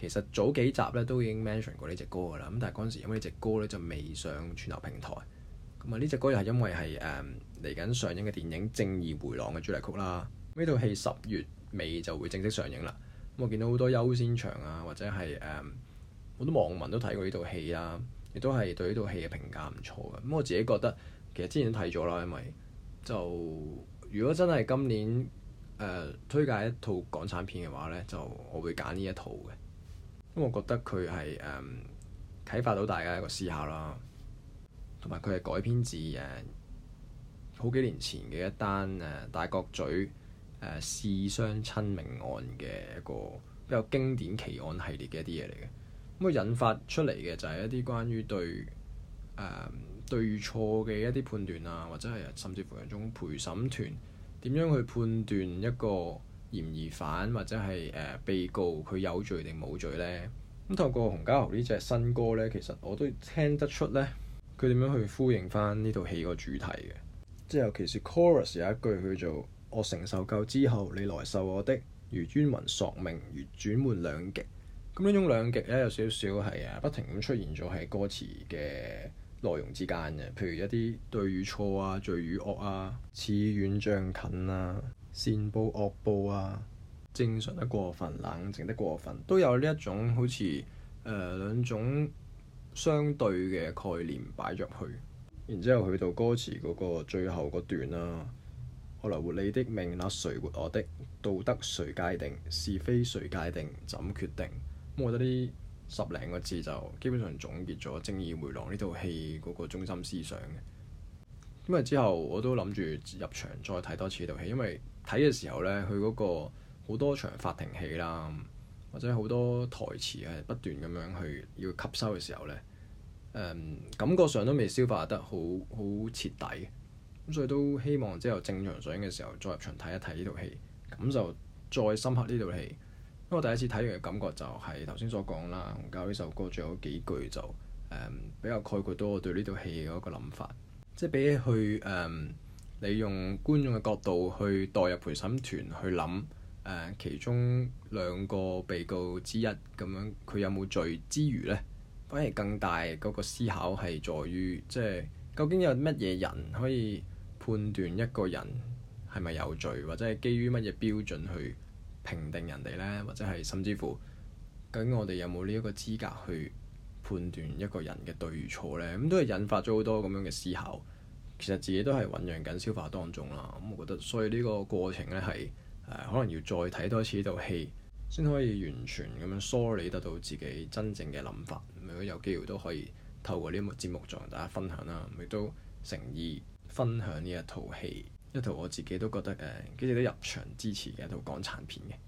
其實早幾集咧都已經 mention 過呢隻歌㗎啦，咁但係嗰陣時因為呢隻歌咧就未上串流平台，咁啊呢隻歌又係因為係誒嚟緊上映嘅電影《正義迴廊》嘅主題曲啦。呢套戲十月尾就會正式上映啦。咁我見到好多優先場啊，或者係誒好多網民都睇過呢套戲啦，亦都係對呢套戲嘅評價唔錯嘅。咁我自己覺得其實之前都睇咗啦，因為就如果真係今年誒、呃、推介一套港產片嘅話咧，就我會揀呢一套嘅。咁、嗯、我覺得佢係，誒、嗯、啟發到大家一個思考啦，同埋佢係改編自誒、啊，好幾年前嘅一單，誒、啊，大角咀，誒、啊，弒雙親命案嘅一,一個比較經典奇案系列嘅一啲嘢嚟嘅。咁、嗯、佢引發出嚟嘅就係一啲關於對，誒、啊，對錯嘅一啲判斷啊，或者係甚至乎有種陪審團點樣去判斷一個。嫌疑犯或者係誒被告，佢有罪定冇罪呢？咁透過洪嘉豪呢隻新歌呢，其實我都聽得出呢，佢點樣去呼應翻呢套戲個主題嘅。即係尤其是 chorus 有一句叫做「我承受夠之後，你來受我的」，如冤魂索命，如轉換兩極。咁、嗯、呢種兩極呢，有少少係啊不停咁出現咗喺歌詞嘅內容之間嘅，譬如一啲對與錯啊、罪與惡啊、似遠將近啊。善報惡報啊，正常得過分，冷靜得過分，都有呢一種好似誒、呃、兩種相對嘅概念擺入去。然之後去到歌詞嗰個最後嗰段啦，嗯、我嚟活你的命，那、啊、誰活我的？道德誰界定？是非誰界定？怎決定、嗯？我覺得呢十零個字就基本上總結咗《正義回廊》呢套戲嗰個中心思想。因為之後我都諗住入場再睇多次呢套戲，因為睇嘅時候呢，佢嗰個好多場法庭戲啦，或者好多台詞呀不斷咁樣去要吸收嘅時候呢、嗯，感覺上都未消化得好好徹底，咁所以都希望之後正常上映嘅時候再入場睇一睇呢套戲，咁就再深刻呢套戲。因為我第一次睇完嘅感覺就係頭先所講啦，教呢首歌仲有幾句就、嗯、比較概括到我對呢套戲嗰個諗法。即係俾佢誒，你用觀眾嘅角度去代入陪審團去諗誒、呃，其中兩個被告之一咁樣，佢有冇罪之餘咧，反而更大嗰個思考係在於，即係究竟有乜嘢人可以判斷一個人係咪有罪，或者係基於乜嘢標準去評定人哋咧，或者係甚至乎，究竟我哋有冇呢一個資格去判斷一個人嘅對與錯呢，咁都係引發咗好多咁樣嘅思考。其實自己都係醖釀緊消化當中啦。咁我覺得，所以呢個過程呢，係、呃、誒，可能要再睇多一次呢套戲，先可以完全咁樣梳理得到自己真正嘅諗法。如果有機會都可以透過呢個節目再同大家分享啦。亦都誠意分享呢一套戲，一套我自己都覺得誒幾值得入場支持嘅一套港產片嘅。